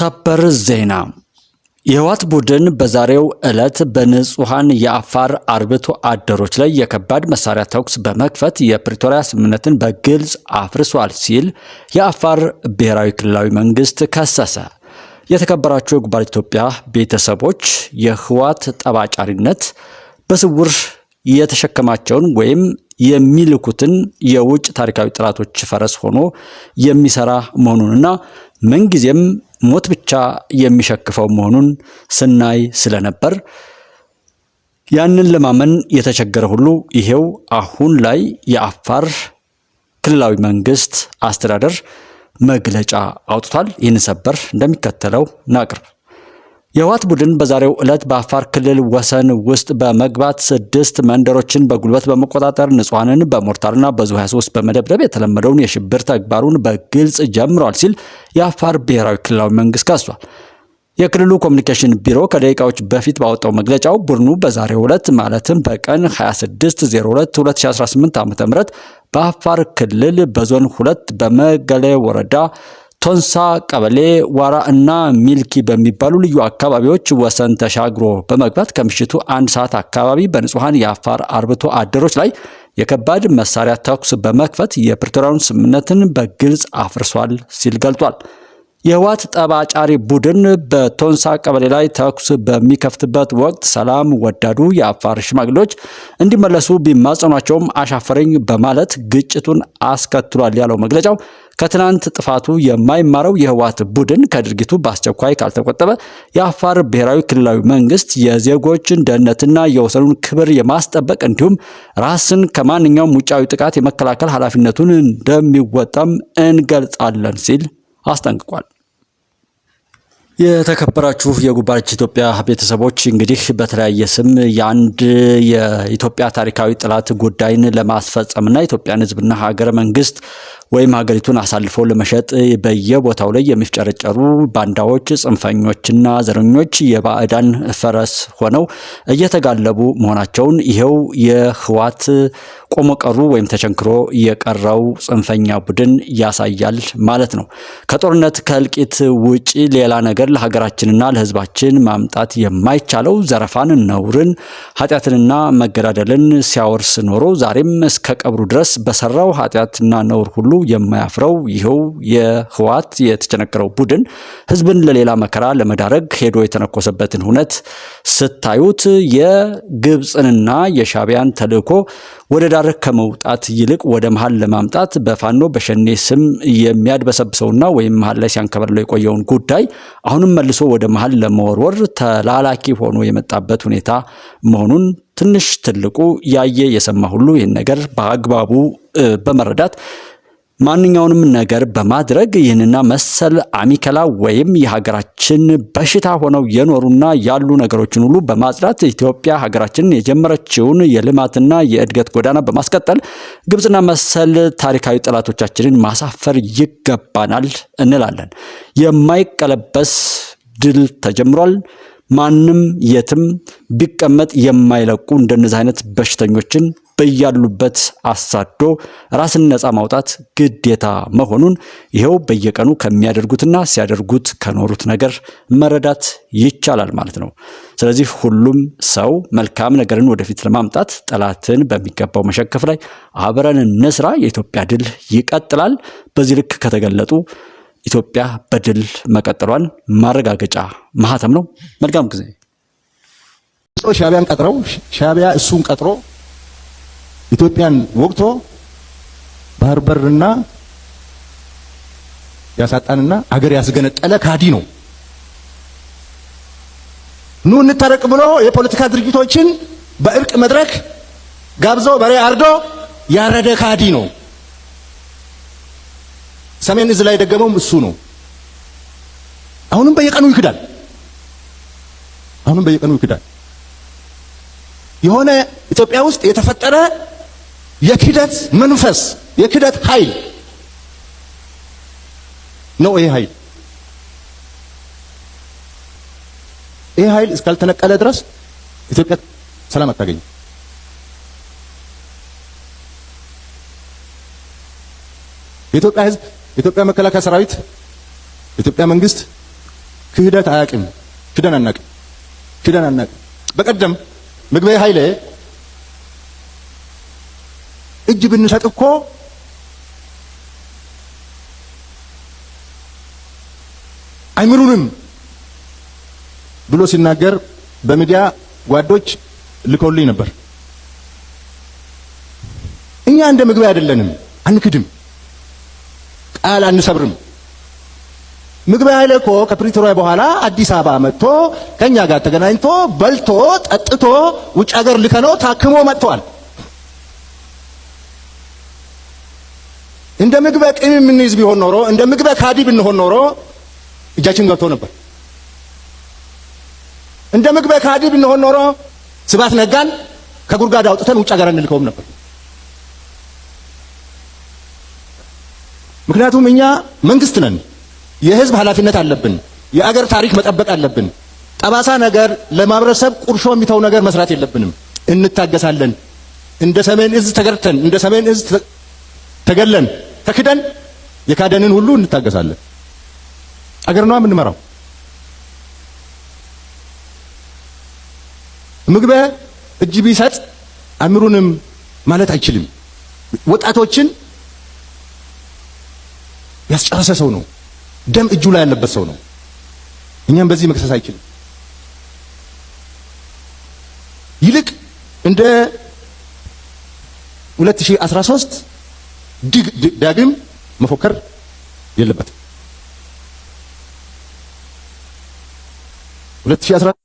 ሰበር ዜና የህወሓት ቡድን በዛሬው ዕለት በንጹሐን የአፋር አርብቶ አደሮች ላይ የከባድ መሳሪያ ተኩስ በመክፈት የፕሪቶሪያ ስምምነትን በግልጽ አፍርሷል ሲል የአፋር ብሔራዊ ክልላዊ መንግስት ከሰሰ። የተከበራቸው የጉባኤ ኢትዮጵያ ቤተሰቦች የህወሓት ጠባጫሪነት በስውር የተሸከማቸውን ወይም የሚልኩትን የውጭ ታሪካዊ ጥራቶች ፈረስ ሆኖ የሚሰራ መሆኑንና ምንጊዜም ሞት ብቻ የሚሸክፈው መሆኑን ስናይ ስለነበር ያንን ለማመን የተቸገረ ሁሉ ይሄው አሁን ላይ የአፋር ክልላዊ መንግስት አስተዳደር መግለጫ አውጥቷል። ይህን ሰበር እንደሚከተለው እናቅርብ። የህወሓት ቡድን በዛሬው ዕለት በአፋር ክልል ወሰን ውስጥ በመግባት ስድስት መንደሮችን በጉልበት በመቆጣጠር ንጹሐንን በሞርታርና በዙ 23 በመደብደብ የተለመደውን የሽብር ተግባሩን በግልጽ ጀምሯል ሲል የአፋር ብሔራዊ ክልላዊ መንግስት ከሷል። የክልሉ ኮሚኒኬሽን ቢሮ ከደቂቃዎች በፊት ባወጣው መግለጫው ቡድኑ በዛሬው ዕለት ማለትም በቀን 26/02/2018 ዓ.ም በአፋር ክልል በዞን ሁለት በመገሌ ወረዳ ቶንሳ ቀበሌ ዋራ እና ሚልኪ በሚባሉ ልዩ አካባቢዎች ወሰን ተሻግሮ በመግባት ከምሽቱ አንድ ሰዓት አካባቢ በንጹሐን የአፋር አርብቶ አደሮች ላይ የከባድ መሳሪያ ተኩስ በመክፈት የፕሪቶሪያውን ስምምነትን በግልጽ አፍርሷል ሲል ገልጧል። የህወሓት ጠባጫሪ ቡድን በቶንሳ ቀበሌ ላይ ተኩስ በሚከፍትበት ወቅት ሰላም ወዳዱ የአፋር ሽማግሌዎች እንዲመለሱ ቢማጸኗቸውም አሻፈረኝ በማለት ግጭቱን አስከትሏል ያለው መግለጫው ከትናንት ጥፋቱ የማይማረው የህወሓት ቡድን ከድርጊቱ በአስቸኳይ ካልተቆጠበ የአፋር ብሔራዊ ክልላዊ መንግስት የዜጎችን ደህንነትና የወሰኑን ክብር የማስጠበቅ እንዲሁም ራስን ከማንኛውም ውጫዊ ጥቃት የመከላከል ኃላፊነቱን እንደሚወጣም እንገልጻለን ሲል አስጠንቅቋል። የተከበራችሁ የጉባርች ኢትዮጵያ ቤተሰቦች እንግዲህ በተለያየ ስም የአንድ የኢትዮጵያ ታሪካዊ ጥላት ጉዳይን ለማስፈጸምና ኢትዮጵያን ሕዝብና ሀገረ መንግስት ወይም ሀገሪቱን አሳልፎ ለመሸጥ በየቦታው ላይ የሚፍጨረጨሩ ባንዳዎች፣ ጽንፈኞችና ዘረኞች የባዕዳን ፈረስ ሆነው እየተጋለቡ መሆናቸውን ይኸው የህዋት ቆመቀሩ ወይም ተቸንክሮ የቀረው ጽንፈኛ ቡድን ያሳያል ማለት ነው። ከጦርነት ከእልቂት ውጪ ሌላ ነገር ለሀገራችንና ለሕዝባችን ማምጣት የማይቻለው ዘረፋን፣ ነውርን፣ ኃጢአትንና መገዳደልን ሲያወርስ ኖሮ ዛሬም እስከ ቀብሩ ድረስ በሰራው ኃጢአትና ነውር ሁሉ የማያፍረው ይኸው የህወሓት የተጨነቀረው ቡድን ሕዝብን ለሌላ መከራ ለመዳረግ ሄዶ የተነኮሰበትን ሁነት ስታዩት የግብፅንና የሻቢያን ተልእኮ ወደ ዳር ከመውጣት ይልቅ ወደ መሀል ለማምጣት በፋኖ በሸኔ ስም የሚያድበሰብሰውና ወይም መሀል ላይ ሲያንከበርለው የቆየውን ጉዳይ አሁን አሁንም መልሶ ወደ መሀል ለመወርወር ተላላኪ ሆኖ የመጣበት ሁኔታ መሆኑን ትንሽ ትልቁ ያየ የሰማ ሁሉ ይህን ነገር በአግባቡ በመረዳት ማንኛውንም ነገር በማድረግ ይህንና መሰል አሚከላ ወይም የሀገራችን በሽታ ሆነው የኖሩና ያሉ ነገሮችን ሁሉ በማጽዳት ኢትዮጵያ ሀገራችንን የጀመረችውን የልማትና የእድገት ጎዳና በማስቀጠል ግብፅና መሰል ታሪካዊ ጠላቶቻችንን ማሳፈር ይገባናል እንላለን። የማይቀለበስ ድል ተጀምሯል። ማንም የትም ቢቀመጥ የማይለቁ እንደነዚህ አይነት በሽተኞችን በያሉበት አሳዶ ራስን ነፃ ማውጣት ግዴታ መሆኑን ይኸው በየቀኑ ከሚያደርጉትና ሲያደርጉት ከኖሩት ነገር መረዳት ይቻላል ማለት ነው። ስለዚህ ሁሉም ሰው መልካም ነገርን ወደፊት ለማምጣት ጠላትን በሚገባው መሸከፍ ላይ አብረን እንስራ። የኢትዮጵያ ድል ይቀጥላል። በዚህ ልክ ከተገለጡ ኢትዮጵያ በድል መቀጠሏን ማረጋገጫ ማህተም ነው። መልካም ጊዜ። ሻቢያን ቀጥረው ሻቢያ እሱን ቀጥሮ ኢትዮጵያን ወቅቶ ባህር በርና ያሳጣንና አገር ያስገነጠለ ካዲ ነው። ኑ እንታረቅ ብሎ የፖለቲካ ድርጅቶችን በእርቅ መድረክ ጋብዞ በሬ አርዶ ያረደ ካዲ ነው። ሰሜን እዝ ላይ ደገመውም እሱ ነው። አሁንም በየቀኑ ይክዳል። አሁንም በየቀኑ ይክዳል። የሆነ ኢትዮጵያ ውስጥ የተፈጠረ የክደት መንፈስ የክደት ኃይል ነው። ይሄ ኃይል ይሄ ኃይል እስካልተነቀለ ድረስ ኢትዮጵያ ሰላም አታገኝም። የኢትዮጵያ ሕዝብ፣ የኢትዮጵያ መከላከያ ሰራዊት፣ የኢትዮጵያ መንግስት ክህደት አያውቅም። ክደን አናውቅም። ክደን አናውቅም። በቀደም ምግበይ ኃይሌ እጅ ብንሰጥ እኮ አይምሩንም ብሎ ሲናገር በሚዲያ ጓዶች ልኮልኝ ነበር። እኛ እንደ ምግብ አይደለንም፣ አንክድም፣ ቃል አንሰብርም። ምግብ ኃይለ እኮ ከፕሪቶሪያ በኋላ አዲስ አበባ መጥቶ ከኛ ጋር ተገናኝቶ በልቶ ጠጥቶ ውጭ ሀገር ልከነው ታክሞ መጥተዋል። እንደ ምግበ ቅም የምንይዝ ቢሆን ኖሮ እንደ ምግበ ካዲ ብንሆን ኖሮ እጃችን ገብቶ ነበር። እንደ ምግበ ካዲ ብንሆን ኖሮ ስብሐት ነጋን ከጉድጓድ አውጥተን ውጭ ሀገር እንልከውም ነበር። ምክንያቱም እኛ መንግስት ነን። የህዝብ ኃላፊነት አለብን። የአገር ታሪክ መጠበቅ አለብን። ጠባሳ ነገር ለማህበረሰብ ቁርሾ የሚተው ነገር መስራት የለብንም። እንታገሳለን። እንደ ሰሜን እዝ ተገርተን እንደ ሰሜን እዝ ተገለን ተክደን የካደንን ሁሉ እንታገሳለን። አገር ነው የምንመራው። ምግበ እጅ ቢሰጥ አእምሩንም ማለት አይችልም። ወጣቶችን ያስጨረሰ ሰው ነው። ደም እጁ ላይ ያለበት ሰው ነው። እኛም በዚህ መክሰስ አይችልም። ይልቅ እንደ 2013 ዳግም መፎከር የለበትም። 2014